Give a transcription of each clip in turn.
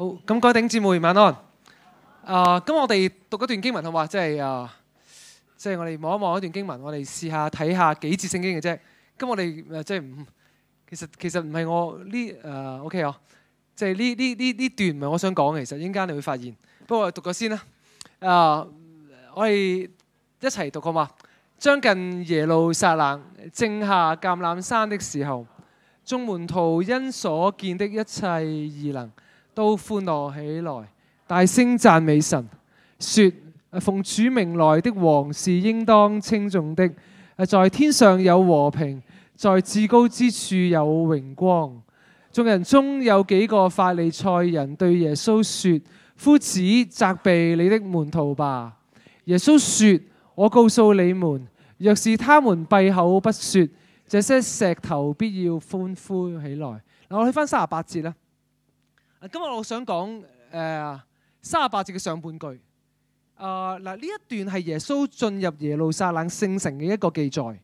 好咁，各位姊妹晚安啊！咁我哋讀一段經文好嘛？即係啊，即係我哋望一望一段經文，我哋試下睇下幾節聖經嘅啫。咁我哋誒即係唔其實其實唔係我呢誒 O K 哦，即係呢呢呢呢段唔係我想講嘅，其實一陣間你會發現。不過讀咗先啦啊，我哋一齊讀好嘛？將近耶路撒冷正下橄欖山的時候，眾門徒因所見的一切異能，都歡樂起來，大聲讚美神，說：奉主名來的王是應當稱頌的。在天上有和平，在至高之處有榮光。眾人中有幾個法利賽人對耶穌說：夫子責備你的門徒吧。耶穌說：我告訴你們，若是他們閉口不說，這些石頭必要歡呼起來。嗱，我去翻三十八節啦。今日我想講誒、呃、三十八節嘅上半句。啊、呃、嗱，呢一段係耶穌進入耶路撒冷聖城嘅一個記載。咁、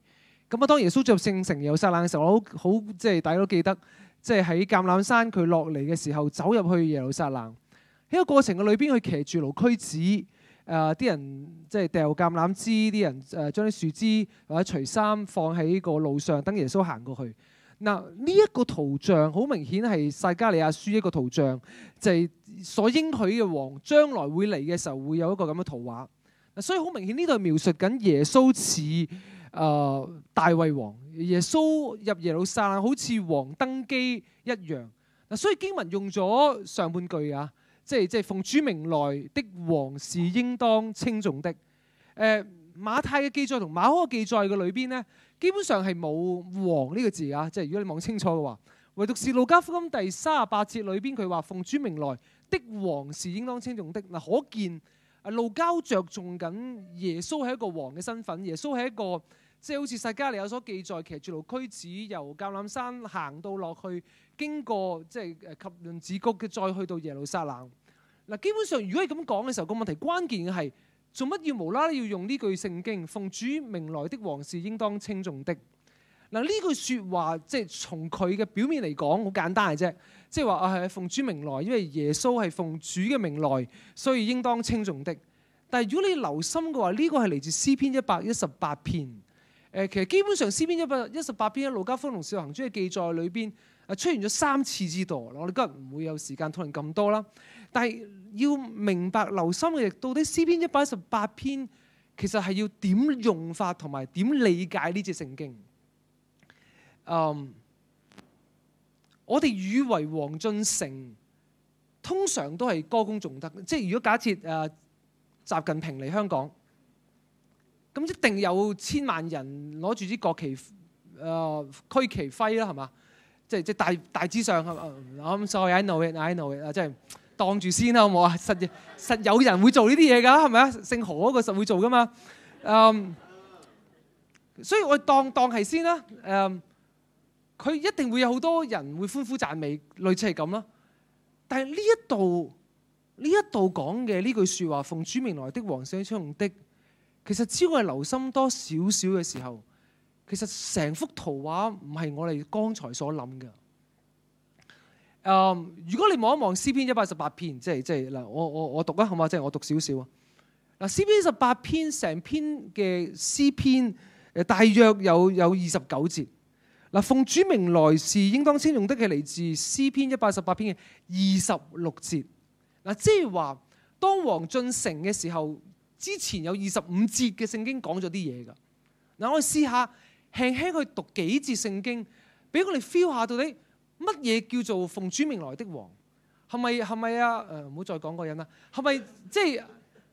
嗯、啊，當耶穌進入聖城耶路撒冷嘅時候，我好好即係大家都記得，即係喺橄欖山佢落嚟嘅時候，走入去耶路撒冷。呢個過程嘅裏邊，佢騎住驢駒子。誒、呃、啲人即係掉橄欖枝，啲人誒將啲樹枝或者除衫放喺個路上，等耶穌行過去。嗱，呢一個圖像好明顯係撒迦利亞書一個圖像，就係、是、所應許嘅王將來會嚟嘅時候會有一個咁嘅圖畫。所以好明顯呢度描述緊耶穌似誒大衛王，耶穌入耶路撒冷好似王登基一樣。所以經文用咗上半句啊，即係即係奉主名來的王是應當稱頌的。呃馬太嘅記載同馬可嘅記載嘅裏邊呢，基本上係冇王呢、這個字啊！即係如果你望清楚嘅話，唯獨是路加福音第三十八節裏邊佢話：奉主名來的王是應當稱頌的。嗱，可見啊，路加着重緊耶穌係一個王嘅身份，耶穌係一個即係、就是、好似撒迦利亞有所記載，騎住驢駒子由橄欖山行到落去，經過即係誒汲淪子谷嘅，再去到耶路撒冷。嗱，基本上如果係咁講嘅時候，個問題關鍵嘅係。做乜要無啦啦要用呢句聖經？奉主名來的王是應當稱頌的。嗱，呢句說話即係從佢嘅表面嚟講，好簡單嘅啫。即係話啊，係奉主名來，因為耶穌係奉主嘅名來，所以應當稱頌的。但係如果你留心嘅話，呢、這個係嚟自詩篇一百一十八篇。誒，其實基本上詩篇一百一十八篇喺《路加福音》同《使徒行傳》嘅記載裏邊。啊，出現咗三次之多，我哋今日唔會有時間討論咁多啦。但係要明白留心嘅，到底詩篇一百一十八篇其實係要點用法同埋點理解呢隻聖經。嗯、um，我哋以為王進城通常都係歌功頌德，即係如果假設誒習近平嚟香港，咁一定有千萬人攞住支國旗誒，區、呃、旗揮啦，係嘛？即即大大致上，I'm sorry，I know it，I know it，啊，即係當住先啦，好冇啊！實實有人會做呢啲嘢噶，係咪啊？姓何個實會做噶嘛，um？嗯，所以我當當係先啦。嗯，佢一定會有好多人會歡呼讚美，類似係咁咯。但係呢一度呢一度講嘅呢句説話，奉主名來的，王上昌的，的，其實只係留心多少少嘅時候。其實成幅圖畫唔係我哋剛才所諗嘅。嗯，如果你望一望詩篇一百十八篇，即係即係嗱，我我我讀啊，好嘛？即係我讀少少啊。嗱，詩篇十八篇成篇嘅詩篇，篇詩篇大約有有二十九節。嗱，奉主名來係，應當稱頌得嘅嚟自詩篇一百十八篇嘅二十六節。嗱，即係話當王進城嘅時候，之前有二十五節嘅聖經講咗啲嘢噶。嗱，我試下。輕輕去讀幾節聖經，俾我哋 feel 下到底乜嘢叫做奉主名來的王，係咪係咪啊？誒，唔好再講嗰人啦。係咪即係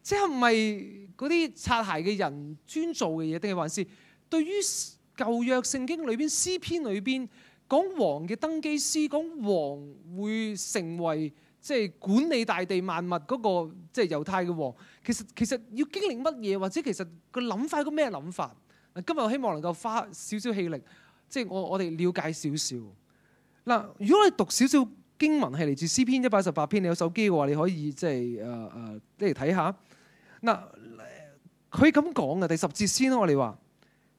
即係唔係嗰啲擦鞋嘅人專做嘅嘢，定係還是對於舊約聖經裏邊詩篇裏邊講王嘅登基詩，講王會成為即係、就是、管理大地萬物嗰，那個即係猶太嘅王？其實其實要經歷乜嘢，或者其實個諗法個咩諗法？今日我希望能夠花少少氣力，即係我我哋了解少少。嗱，如果你讀少少經文係嚟自詩篇一百十八篇，你有手機嘅話，你可以即係誒誒嚟睇下。嗱、呃，佢咁講嘅第十節先咯。我哋話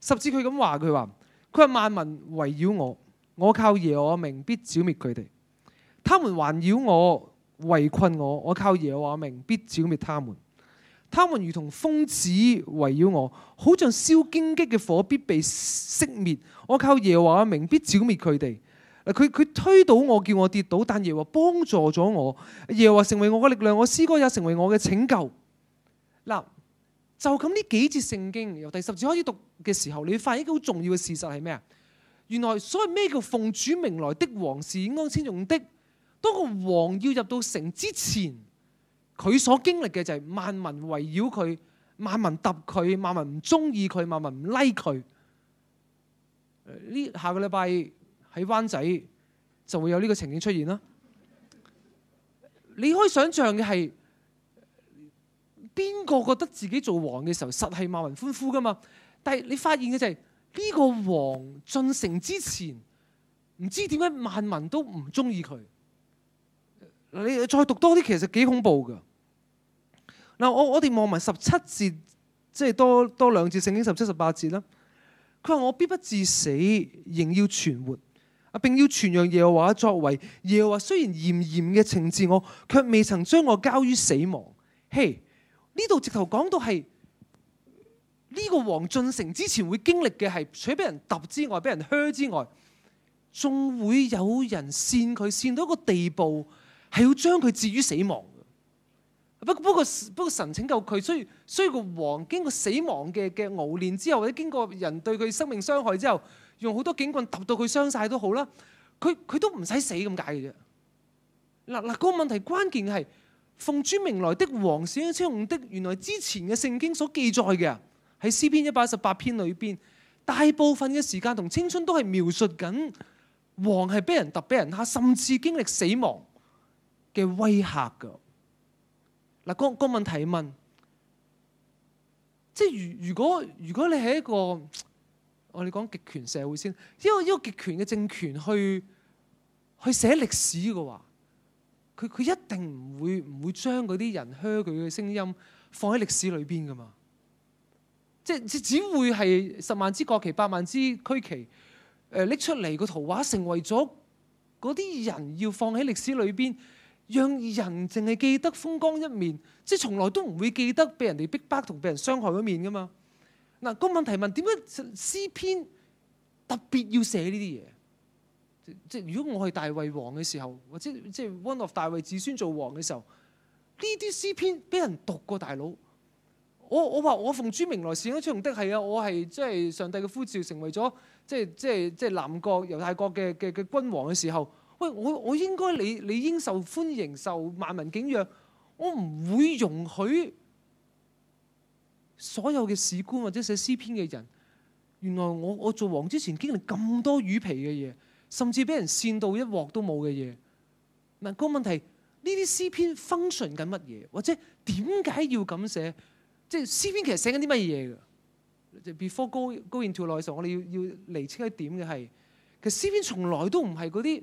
十節佢咁話，佢話佢話萬民圍繞我，我靠耶和華名必剿滅佢哋。他們環繞我，圍困我，我靠耶和華名必剿滅他們。他們如同蜂子圍繞我，好像燒荊棘嘅火，必被熄滅。我靠耶和華明，必剿滅佢哋。佢佢推倒我，叫我跌倒，但耶和華幫助咗我，耶和華成為我嘅力量，我詩歌也成為我嘅拯救。嗱，就咁呢幾節聖經由第十節開始讀嘅時候，你發現一個好重要嘅事實係咩啊？原來所謂咩叫奉主名來的王是安青用的，當個王要入到城之前，佢所經歷嘅就係萬民圍繞佢，萬民揼佢，萬民唔中意佢，萬民唔 like 佢。呢下個禮拜喺灣仔就會有呢個情景出現啦。你可以想象嘅係邊個覺得自己做王嘅時候實係萬民歡呼㗎嘛？但係你發現嘅就係呢個王進城之前，唔知點解萬民都唔中意佢。你再讀多啲，其實幾恐怖㗎。嗱，我我哋望埋十七節，即係多多兩節聖經十七、十八節啦。佢話：我必不至死，仍要存活。啊，並要傳揚耶和華作為。耶和華雖然嚴嚴嘅懲治我，卻未曾將我交於死亡。嘿、hey,，呢度直頭講到係呢個王進城之前會經歷嘅係，除俾人揼之外，俾人靴之外，仲會有人跣佢跣到一個地步，係要將佢置於死亡。不不過不過神拯救佢，所以所以個王經過死亡嘅嘅熬煉之後，或者經過人對佢生命傷害之後，用好多警棍揼到佢傷晒都好啦，佢佢都唔使死咁解嘅啫。嗱嗱，個問題關鍵係奉主名來的王，是用的原來之前嘅聖經所記載嘅，喺詩篇一百一十八篇裏邊，大部分嘅時間同青春都係描述緊王係俾人揼俾人嚇，甚至經歷死亡嘅威嚇㗎。嗱，個個問題問，即係如如果如果你係一個我哋講極權社會先，因為一個極權嘅政權去去寫歷史嘅話，佢佢一定唔會唔會將嗰啲人噓佢嘅聲音放喺歷史裏邊㗎嘛？即係只會係十萬支國旗、八萬支區旗誒拎出嚟個圖畫，成為咗嗰啲人要放喺歷史裏邊。讓人淨係記得風光一面，即係從來都唔會記得俾人哋逼迫同俾人傷害嗰面噶嘛。嗱，個問題問點解詩篇特別要寫呢啲嘢？即即係，如果我係大衛王嘅時候，或者即係 one of 大衛子孫做王嘅時候，呢啲詩篇俾人讀過大佬。我我話我奉主名來侍奉主的係啊，我係即係上帝嘅呼召，成為咗即係即係即係南國猶太國嘅嘅嘅君王嘅時候。喂，我我應該你你應受歡迎受萬民敬仰，我唔會容許所有嘅史官或者寫詩篇嘅人。原來我我做王之前經歷咁多魚皮嘅嘢，甚至俾人扇到一鑊都冇嘅嘢。嗱，個問題呢啲詩篇 function 緊乜嘢，或者點解要咁寫？即係詩篇其實寫緊啲乜嘢㗎？即係 before going going to 奈時候，我哋要要釐清一點嘅係，其實詩篇從來都唔係嗰啲。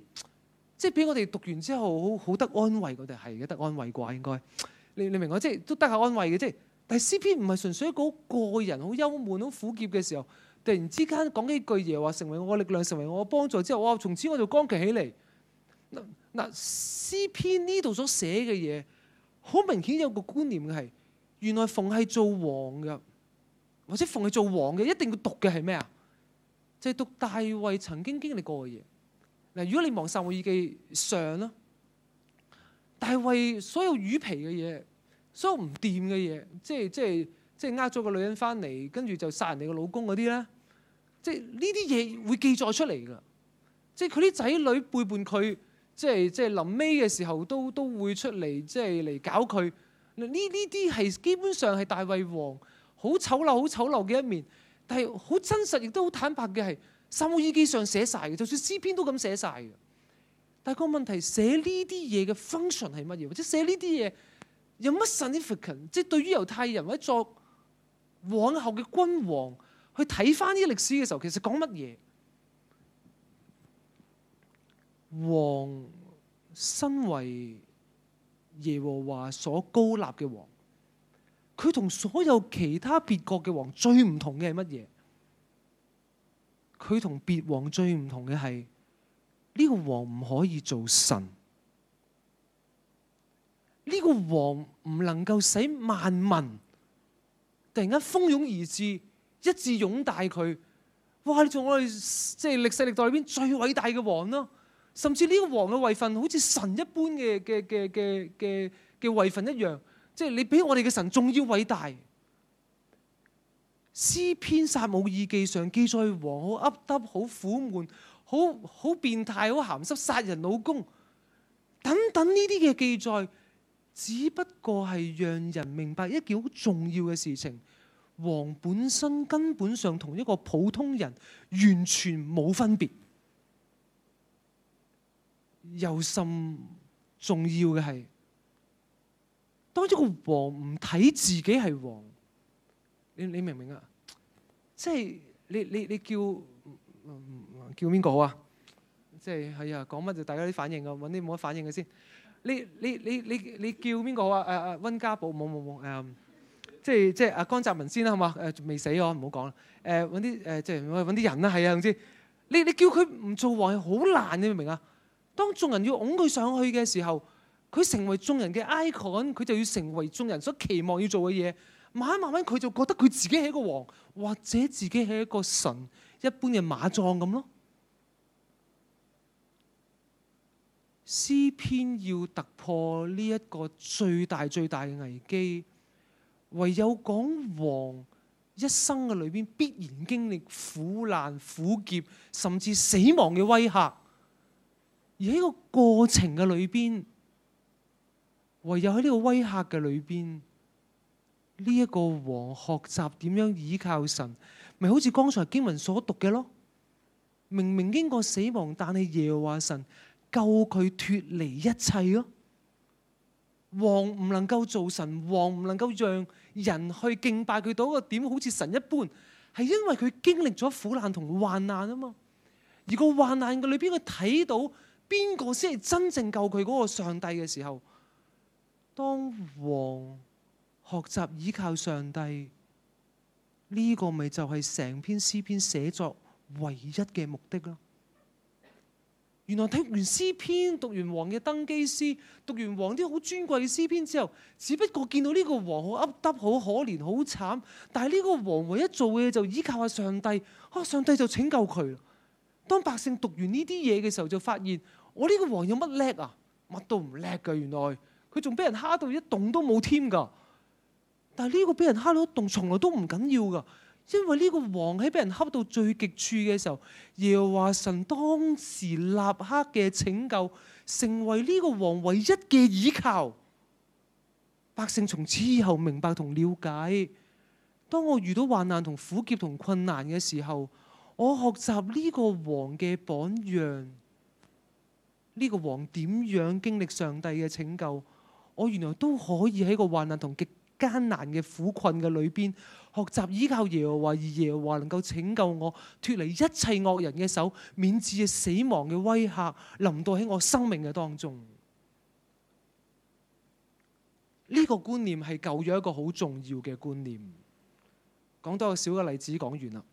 即係俾我哋讀完之後，好好得安慰，我哋係一得安慰啩，應該你你明㗎？即係都得下安慰嘅，即係。但係詩篇唔係純粹一個個人好憂悶、好苦澀嘅時候，突然之間講呢句嘢話，成為我力量，成為我幫助之後，哇！從此我就光企起嚟。嗱、呃、嗱，詩篇呢度所寫嘅嘢，好明顯有個觀念嘅係原來逢係做王嘅，或者逢係做王嘅，一定要讀嘅係咩啊？就係、是、讀大衛曾經經歷過嘅嘢。如果你望撒母耳記上咯，大衛所有魚皮嘅嘢，所有唔掂嘅嘢，即係即係即係呃咗個女人翻嚟，跟住就殺人哋個老公嗰啲咧，即係呢啲嘢會記載出嚟㗎。即係佢啲仔女背叛佢，即係即係臨尾嘅時候都都會出嚟即係嚟搞佢。呢呢啲係基本上係大衛王好醜陋、好醜陋嘅一面，但係好真實亦都好坦白嘅係。撒母耳記上寫晒嘅，就算詩篇都咁寫晒嘅。但係個問題，寫呢啲嘢嘅 function 係乜嘢？或者寫呢啲嘢有乜 significant？即係對於猶太人或者作往後嘅君王去睇翻呢啲歷史嘅時候，其實講乜嘢？王身為耶和華所高立嘅王，佢同所有其他別國嘅王最唔同嘅係乜嘢？佢同別王最唔同嘅係，呢個王唔可以做神，呢個王唔能夠使萬民突然間蜂擁而至，一致擁戴佢，哇！你做我哋即係歷世歷代裏邊最偉大嘅王咯，甚至呢個王嘅位份好似神一般嘅嘅嘅嘅嘅嘅位份一樣，即係你比我哋嘅神仲要偉大。《詩篇》撒母耳記上記載王好噏噏好苦悶，好好變態，好鹹濕，殺人老公等等呢啲嘅記載，只不過係讓人明白一件好重要嘅事情：王本身根本上同一個普通人完全冇分別。尤甚重要嘅係，當一個王唔睇自己係王。你你明唔明、呃、啊？即係你你你叫叫邊個好啊？即係係啊，講乜就大家啲反應啊，揾啲冇乜反應嘅先。你你你你你叫邊個好啊？誒、呃、誒，溫家寶冇冇冇誒？即係即係阿江澤民先啦，係嘛？誒未死、呃呃、啊，唔好講啦。誒啲誒即係揾啲人啦，係啊總之。你你叫佢唔做王係好難，你明唔明啊？當眾人要擁佢上去嘅時候，佢成為眾人嘅 icon，佢就要成為眾人所期望要做嘅嘢。慢慢慢慢，佢就覺得佢自己係一個王，或者自己係一個神一般嘅馬壯咁咯。詩篇要突破呢一個最大最大嘅危機，唯有講王一生嘅裏邊必然經歷苦難、苦澀，甚至死亡嘅威嚇。而喺個過程嘅裏邊，唯有喺呢個威嚇嘅裏邊。呢一個王學習點樣倚靠神，咪好似剛才經文所讀嘅咯？明明經過死亡，但係耶和華神救佢脫離一切咯。王唔能夠做神，王唔能夠讓人去敬拜佢到一個點，好似神一般，係因為佢經歷咗苦難同患難啊嘛。而個患難嘅裏邊，佢睇到邊個先係真正救佢嗰個上帝嘅時候，當王。學習倚靠上帝，呢、這個咪就係成篇詩篇寫作唯一嘅目的咯。原來睇完詩篇，讀完王嘅登基詩，讀完王啲好尊貴嘅詩篇之後，只不過見到呢個王好噏耷，好可憐，好慘。但係呢個王唯一做嘅嘢就倚靠下上帝，阿、啊、上帝就拯救佢。當百姓讀完呢啲嘢嘅時候，就發現我呢個王有乜叻啊？乜都唔叻㗎。原來佢仲俾人蝦到一棟都冇添㗎。但呢個俾人恰到一動，從來都唔緊要㗎，因為呢個王喺俾人恰到最極處嘅時候，耶和華神當時立刻嘅拯救，成為呢個王唯一嘅倚靠。百姓從此以後明白同了解，當我遇到患難同苦劫同困難嘅時候，我學習呢個王嘅榜樣，呢、呢個王點樣經歷上帝嘅拯救，我原來都可以喺個患難同極。艱難嘅苦困嘅裏邊，學習依靠耶和華，而耶和華能夠拯救我，脫離一切惡人嘅手，免至死亡嘅威嚇臨到喺我生命嘅當中。呢、這個觀念係舊約一個好重要嘅觀念。講多個少嘅例子，講完啦。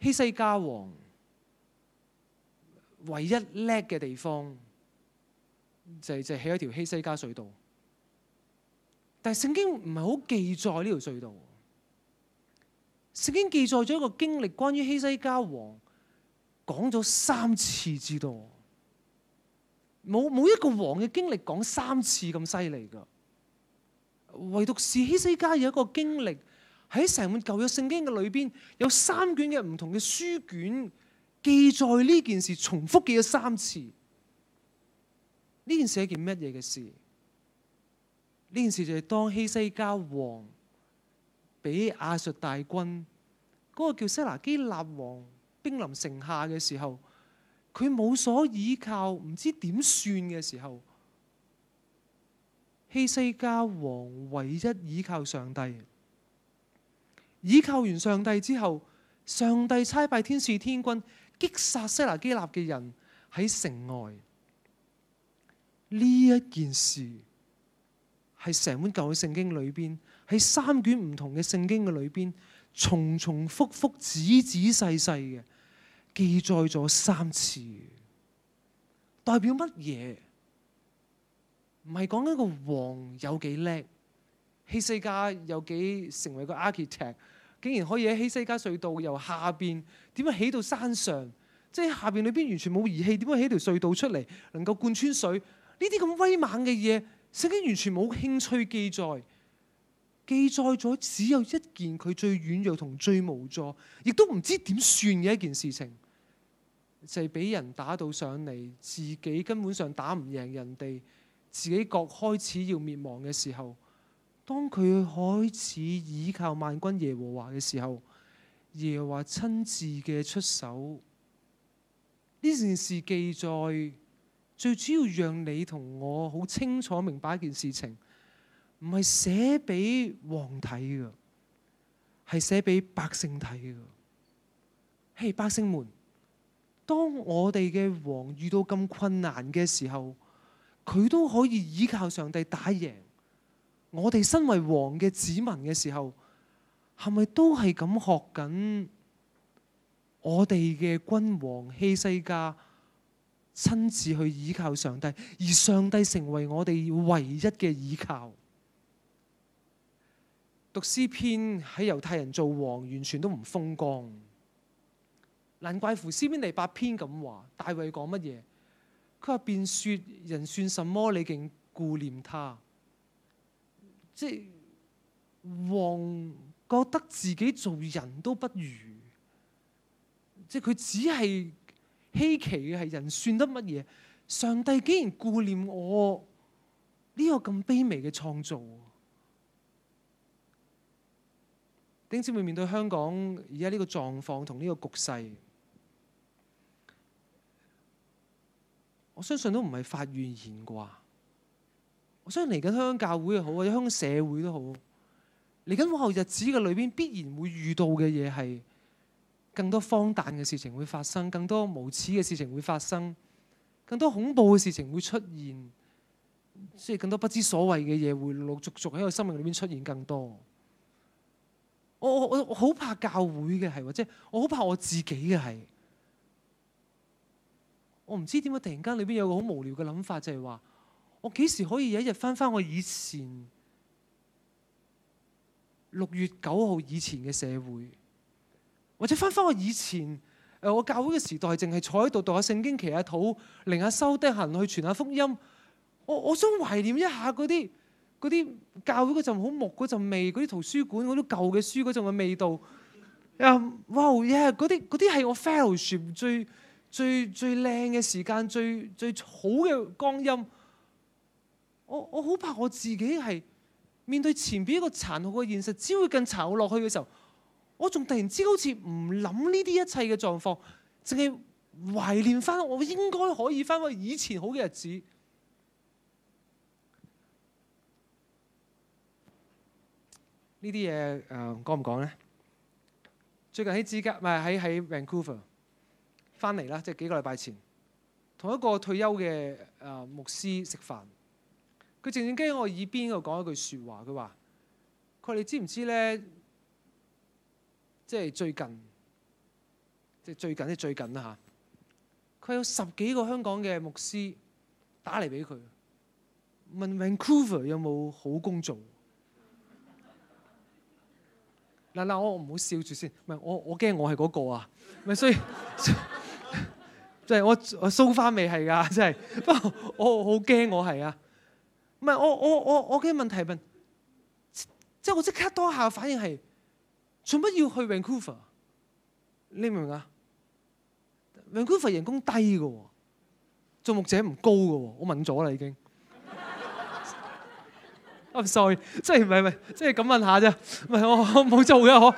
希西，西家王唯一叻嘅地方，就就是、喺一條希西家隧道。但係聖經唔係好記載呢條隧道。聖經記載咗一個經歷，關於希西家王，講咗三次之多。冇冇一個王嘅經歷講三次咁犀利噶，唯獨是希西家有一個經歷喺成本舊約聖經嘅裏邊，有三卷嘅唔同嘅書卷記載呢件事，重複記咗三次。呢件事係一件乜嘢嘅事？呢件事就係當希西家王俾亞述大軍嗰個叫西拿基立王兵臨城下嘅時候，佢冇所依靠，唔知點算嘅時候，希西家王唯一倚靠上帝。倚靠完上帝之後，上帝差派天使天軍，擊殺西拿基立嘅人喺城外。呢一件事。係成本舊嘅聖經裏邊，喺三卷唔同嘅聖經嘅裏邊，重重複複、仔仔細細嘅記載咗三次，代表乜嘢？唔係講緊一個王有幾叻，希西家有幾成為個 architect，竟然可以喺希西家隧道由下邊點樣起到山上，即係下邊裏邊完全冇儀器，點樣起條隧道出嚟，能夠貫穿水？呢啲咁威猛嘅嘢！聖經完全冇興趣記載，記載咗只有一件佢最軟弱同最無助，亦都唔知點算嘅一件事情，就係俾人打到上嚟，自己根本上打唔贏人哋，自己覺開始要滅亡嘅時候，當佢開始倚靠萬軍耶和華嘅時候，耶和華親自嘅出手，呢件事記載。最主要讓你同我好清楚明白一件事情，唔係寫俾王睇嘅，係寫俾百姓睇嘅。嘿，百姓們，當我哋嘅王遇到咁困難嘅時候，佢都可以依靠上帝打贏。我哋身為王嘅子民嘅時候，係咪都係咁學緊我哋嘅君王希西家？親自去倚靠上帝，而上帝成為我哋唯一嘅依靠。讀詩篇喺猶太人做王，完全都唔風光，難怪乎詩篇第八篇咁話，大衛講乜嘢？佢話變說，說人算什麼？你竟顧念他？即係王覺得自己做人都不如，即係佢只係。稀奇嘅係人算得乜嘢？上帝竟然顧念我呢個咁卑微嘅創造，點先會面對香港而家呢個狀況同呢個局勢？我相信都唔係發怨言啩。我相信嚟緊香港教會又好或者香港社會都好，嚟緊往後日子嘅裏邊必然會遇到嘅嘢係。更多荒誕嘅事情會發生，更多無恥嘅事情會發生，更多恐怖嘅事情會出現，即係更多不知所謂嘅嘢會陸陸續續喺我生命裏面出現更多。我我我好怕教會嘅係，或者我好怕我自己嘅係。我唔知點解突然間裏邊有個好無聊嘅諗法，就係話我幾時可以有一日翻返我以前六月九號以前嘅社會？或者返返我以前誒我教會嘅時代，淨係坐喺度讀下聖經，祈下禱，靈下修啲，行去傳下福音。我我想懷念一下嗰啲啲教會嗰陣好木嗰陣味，嗰啲圖書館嗰啲舊嘅書嗰陣嘅味道。又哇耶！嗰啲啲係我 fellowship 最最最靚嘅時間，最最，最，間最，最好嘅光陰。我我好怕我自己係面對前邊一個殘酷嘅現實，只會更殘酷落去嘅時候。我仲突然之間好似唔諗呢啲一切嘅狀況，淨係懷念翻我應該可以翻去以前好嘅日子。呃、說說呢啲嘢誒講唔講咧？最近喺芝加哥，唔係喺喺温哥華翻嚟啦，即係幾個禮拜前，同一個退休嘅誒牧師食飯，佢靜靜雞喺我耳邊度講一句説話，佢話：佢話你知唔知咧？即係最近，即係最近，即係最近啦嚇。佢有十幾個香港嘅牧師打嚟俾佢，問 Vancouver 有冇好工做。嗱嗱、 啊啊，我唔好笑住先，唔係我我驚我係嗰個啊，咪所以即係 我我蘇花味係㗎，真係。不過我好驚我係啊，唔係我我我我驚問題問，即係我即刻當下反應係。做乜要去 Vancouver？你明唔明啊？Vancouver 人工低㗎，做木者唔高㗎。我問咗啦，已經。I'm sorry，即係唔係唔係，即係咁問下啫。唔係我我冇做嘅，我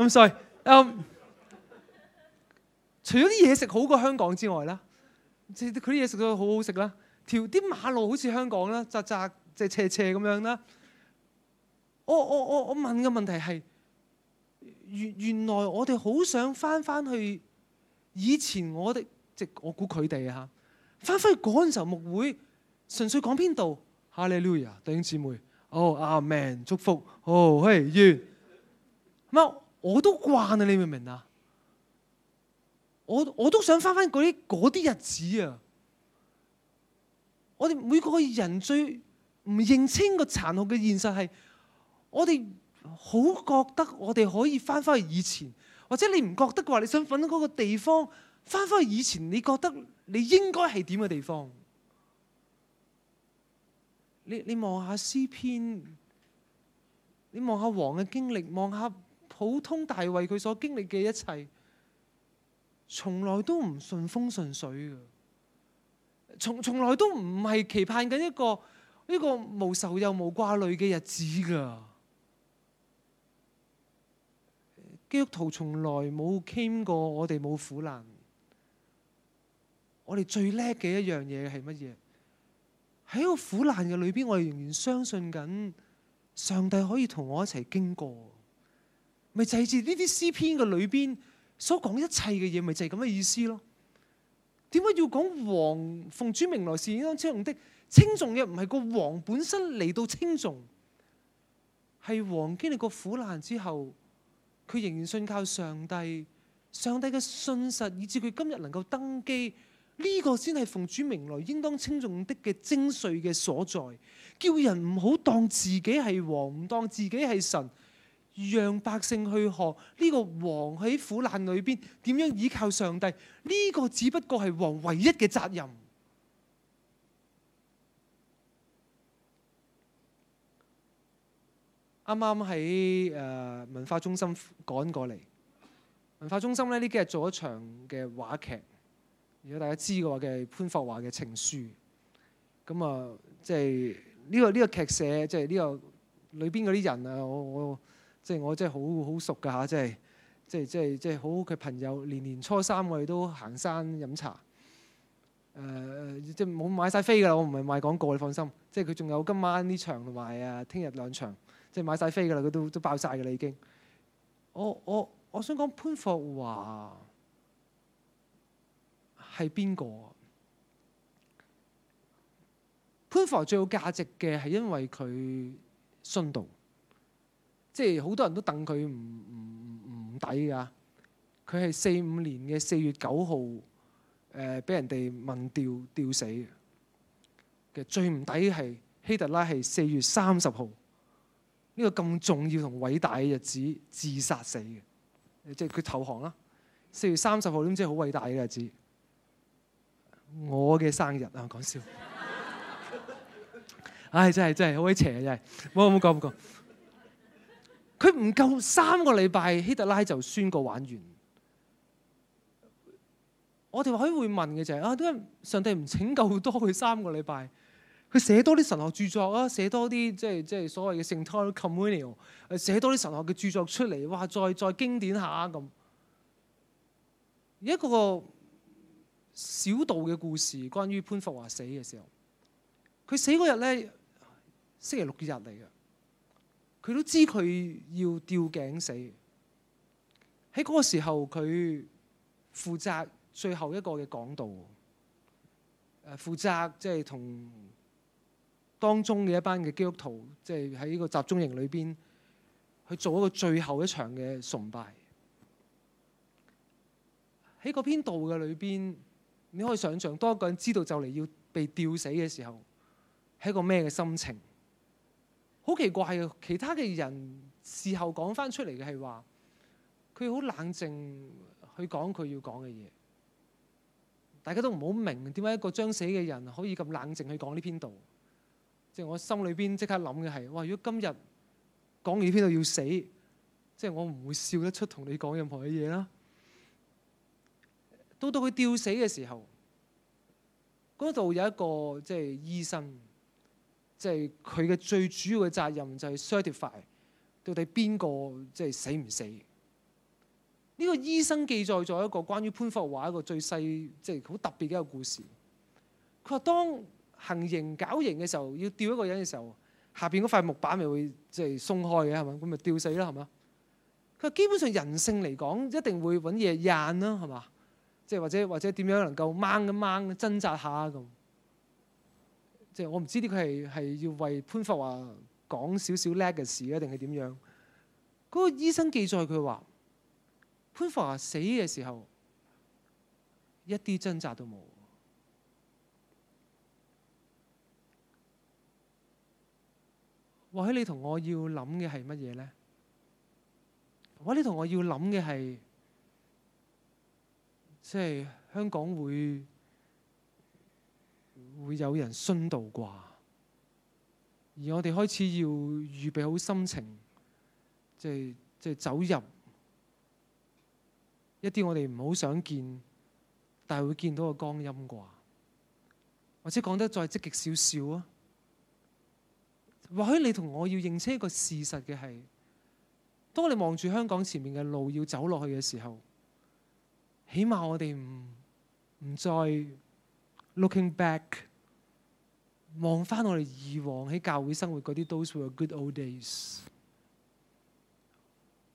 ，I'm sorry。誒，除咗啲嘢食好過香港之外啦，即係佢啲嘢食都好好食啦。條啲馬路好似香港啦，窄窄即係斜斜咁樣啦。我我我我問嘅問題係。原原來我哋好想翻翻去以前我，我哋即我估佢哋啊，翻翻去嗰陣時候純，牧會純粹講邊度？哈利路亞，弟兄姊妹，哦，阿門，祝福，哦、oh, 嘿、hey，完。唔啊，我都慣啊，你明唔明啊？我我都想翻翻嗰啲嗰啲日子啊！我哋每個人最唔認清個殘酷嘅現實係我哋。好覺得我哋可以翻翻去以前，或者你唔覺得嘅話，你想揾嗰個地方翻翻去以前，你覺得你應該係點嘅地方？你你望下詩篇，你望下王嘅經歷，望下普通大衞佢所經歷嘅一切，從來都唔順風順水嘅，從從來都唔係期盼緊一個呢個無愁又無掛慮嘅日子㗎。基督徒從來冇傾過我哋冇苦難，我哋最叻嘅一樣嘢係乜嘢？喺個苦難嘅裏邊，我哋仍然相信緊上帝可以同我一齊經過。咪就係住呢啲詩篇嘅裏邊所講一切嘅嘢，咪就係咁嘅意思咯。點解要講王奉主名來係應當稱頌的？稱頌嘅唔係個王本身嚟到稱頌，係王經歷過苦難之後。佢仍然信靠上帝，上帝嘅信實以至佢今日能夠登基，呢、這個先係奉主名來應當稱頌的嘅精髓嘅所在。叫人唔好當自己係王，唔當自己係神，讓百姓去學呢、這個王喺苦難裏邊點樣倚靠上帝。呢、這個只不過係王唯一嘅責任。啱啱喺誒文化中心趕過嚟，文化中心咧呢幾日做一場嘅話劇，如果大家知嘅話，嘅潘霍華嘅情書咁啊，即係呢個呢、呢個劇社，即係呢個裏邊嗰啲人啊，我我即係、即係、我真係好好熟噶吓，即係即係即係即係好好嘅朋友。年年初三我哋都行山飲茶誒，即係冇買晒飛㗎啦。我唔係賣廣告，你放心。即係佢仲有今晚呢場同埋啊，聽日兩場。你買晒飛噶啦，佢都都爆晒噶啦已經。我我我想講潘霍華係邊個？潘霍華最有價值嘅係因為佢殉道，即係好多人都戥佢唔唔唔抵㗎。佢係四五年嘅四月九號誒，俾、呃、人哋問吊吊死嘅。最唔抵係希特拉係四月三十號。呢個咁重要同偉大嘅日子自殺死嘅，即係佢投降啦。四月三十號都唔知係好偉大嘅日子。我嘅生日啊，講笑。唉、 哎，真係真係好鬼邪啊！真係，冇冇講冇講。佢唔夠三個禮拜，希特拉就宣告玩完。我哋話可以會問嘅就係啊，點解上帝唔拯救多佢三個禮拜？佢寫多啲神學著作啊，寫多啲即係即係所謂嘅聖托克梅尼，寫多啲神學嘅著作出嚟，哇！再再經典下咁。而家個個小道嘅故事，關於潘霍華死嘅時候，佢死嗰日咧，星期六日嚟嘅。佢都知佢要吊頸死。喺嗰個時候，佢負責最後一個嘅講道，誒負責即係同。當中嘅一班嘅基督徒，即係喺呢個集中營裏邊去做一個最後一場嘅崇拜。喺嗰篇道嘅裏邊，你可以想像多一個人知道就嚟要被吊死嘅時候，係一個咩嘅心情？好奇怪，其他嘅人事後講翻出嚟嘅係話，佢好冷靜去講佢要講嘅嘢。大家都唔好明點解一個將死嘅人可以咁冷靜去講呢篇道。即係我心裏邊即刻諗嘅係，哇！如果今日講完呢篇道要死，即係我唔會笑得出同你講任何嘅嘢啦。到到佢吊死嘅時候，嗰度有一個即係醫生，即係佢嘅最主要嘅責任就係 certify 到底邊個即係死唔死。呢個醫生記載咗一個關於潘霍華一個最細即係好特別嘅一個故事。佢話當行刑絞刑嘅時候，要吊一個人嘅時候，下邊嗰塊木板咪會即係鬆開嘅，係嘛？咁咪吊死啦，係嘛？佢基本上人性嚟講，一定會揾嘢硬啦，係嘛？即係或者或者點樣能夠掹一掹、掙扎下咁？即係我唔知啲佢係係要為潘霍華講少少叻嘅事咧，定係點樣？嗰個醫生記載佢話，潘霍華死嘅時候一啲掙扎都冇。或許你同我要諗嘅係乜嘢咧？或者你同我要諗嘅係，即係香港會會有人殉道啩，而我哋開始要預備好心情，即係即係走入一啲我哋唔好想見，但係會見到嘅光陰啩，或者講得再積極少少啊！或許你同我要認清一個事實嘅係，當我哋望住香港前面嘅路要走落去嘅時候，起碼我哋唔唔再 looking back，望翻我哋以往喺教會生活嗰啲 those were good old days。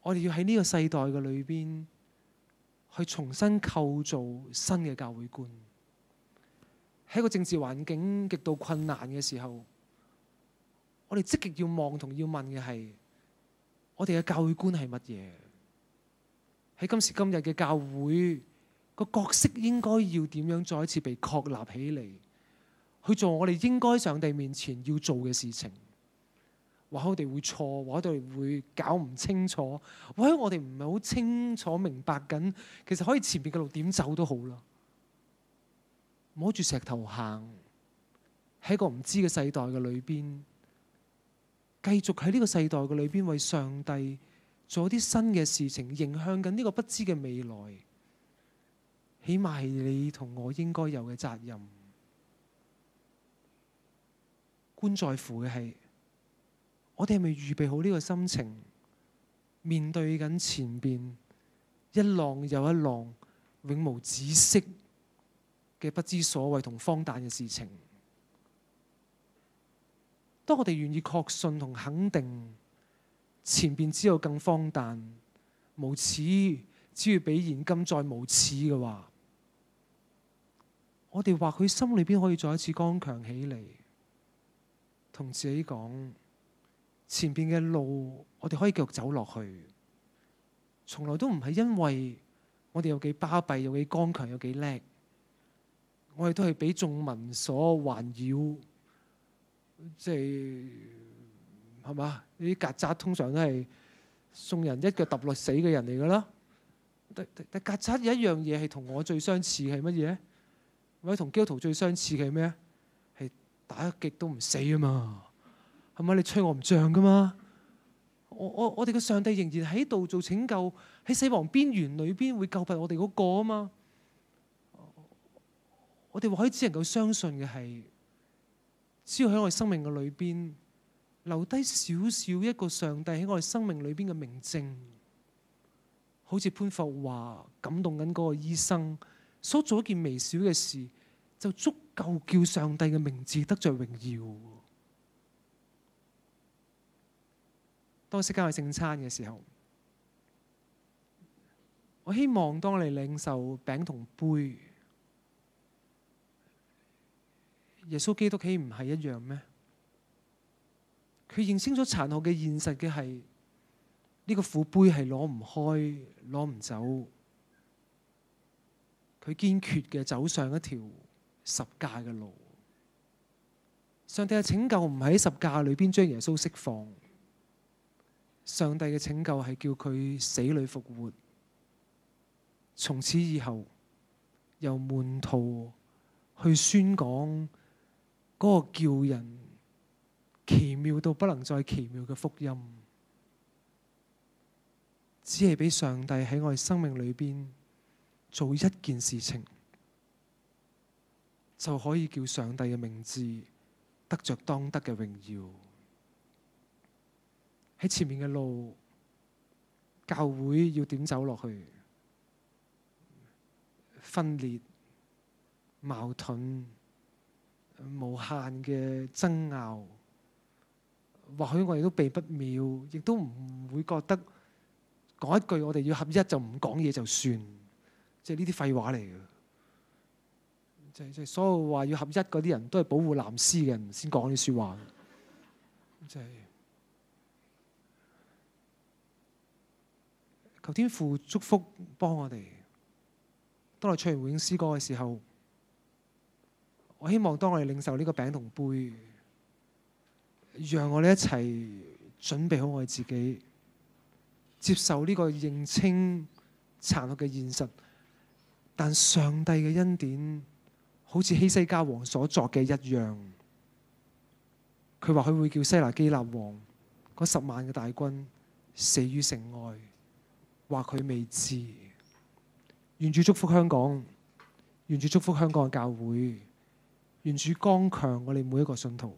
我哋要喺呢個世代嘅裏邊去重新構造新嘅教會觀，喺個政治環境極度困難嘅時候。我哋積極要望同要問嘅係，我哋嘅教會觀係乜嘢？喺今時今日嘅教會個角色應該要點樣再一次被確立起嚟，去做我哋應該上帝面前要做嘅事情。話我哋會錯，話我哋會搞唔清楚，話我哋唔係好清楚明白緊。其實可以前面嘅路點走都好啦，摸住石頭行，喺個唔知嘅世代嘅裏邊。繼續喺呢個世代嘅裏邊為上帝做啲新嘅事情，影響緊呢個不知嘅未來，起碼係你同我應該有嘅責任。關在乎嘅係，我哋係咪預備好呢個心情，面對緊前邊一浪又一浪永無止息嘅不知所謂同荒誕嘅事情？當我哋願意確信同肯定前邊只有更荒誕無恥，只要比現今再無恥嘅話，我哋或許心裏邊可以再一次剛強起嚟，同自己講前邊嘅路，我哋可以繼續走落去。從來都唔係因為我哋有幾巴閉，有幾剛強，有幾叻，我哋都係俾眾民所環繞。即係係嘛？呢啲曱甴通常都係送人一腳揼落死嘅人嚟噶啦。但曱甴有一樣嘢係同我最相似嘅，係乜嘢？或者同基 e l 最相似嘅係咩？係打極都唔死啊嘛？係咪你吹我唔漲噶嘛？我我我哋嘅上帝仍然喺度做拯救，喺死亡邊緣裏邊會救拔我哋嗰個啊嘛。我哋可以只能夠相信嘅係。只要喺我哋生命嘅裏邊留低少少一個上帝喺我哋生命裏邊嘅明證，好似潘霍華感動緊嗰個醫生，所做一件微小嘅事就足夠叫上帝嘅名字得著榮耀。當即刻去聖餐嘅時候，我希望當你領受餅同杯。耶穌基督豈唔係一樣咩？佢認清咗殘酷嘅現實嘅係呢個苦杯係攞唔開，攞唔走。佢堅決嘅走上一條十架嘅路。上帝嘅拯救唔喺十架裏邊將耶穌釋放。上帝嘅拯救係叫佢死裏復活，從此以後由門徒去宣講。嗰個叫人奇妙到不能再奇妙嘅福音，只係俾上帝喺我哋生命裏面做一件事情，就可以叫上帝嘅名字得着當得嘅榮耀。喺前面嘅路，教會要點走落去？分裂、矛盾。無限嘅爭拗，或許我哋都避不妙，亦都唔會覺得講一句我哋要合一就唔講嘢就算，即係呢啲廢話嚟嘅。即係即係所有話要合一嗰啲人都係保護藍絲嘅人先講啲説話。即係求天父祝福幫我哋。當我唱完《回應詩歌》嘅時候。我希望當我哋領受呢個餅同杯，讓我哋一齊準備好我哋自己，接受呢個認清殘酷嘅現實。但上帝嘅恩典好似希西家王所作嘅一樣，佢話佢會叫西拿基立王嗰十萬嘅大軍死於城外，話佢未知。願主祝福香港，願主祝福香港嘅教會。願主剛強，我哋每一個信徒。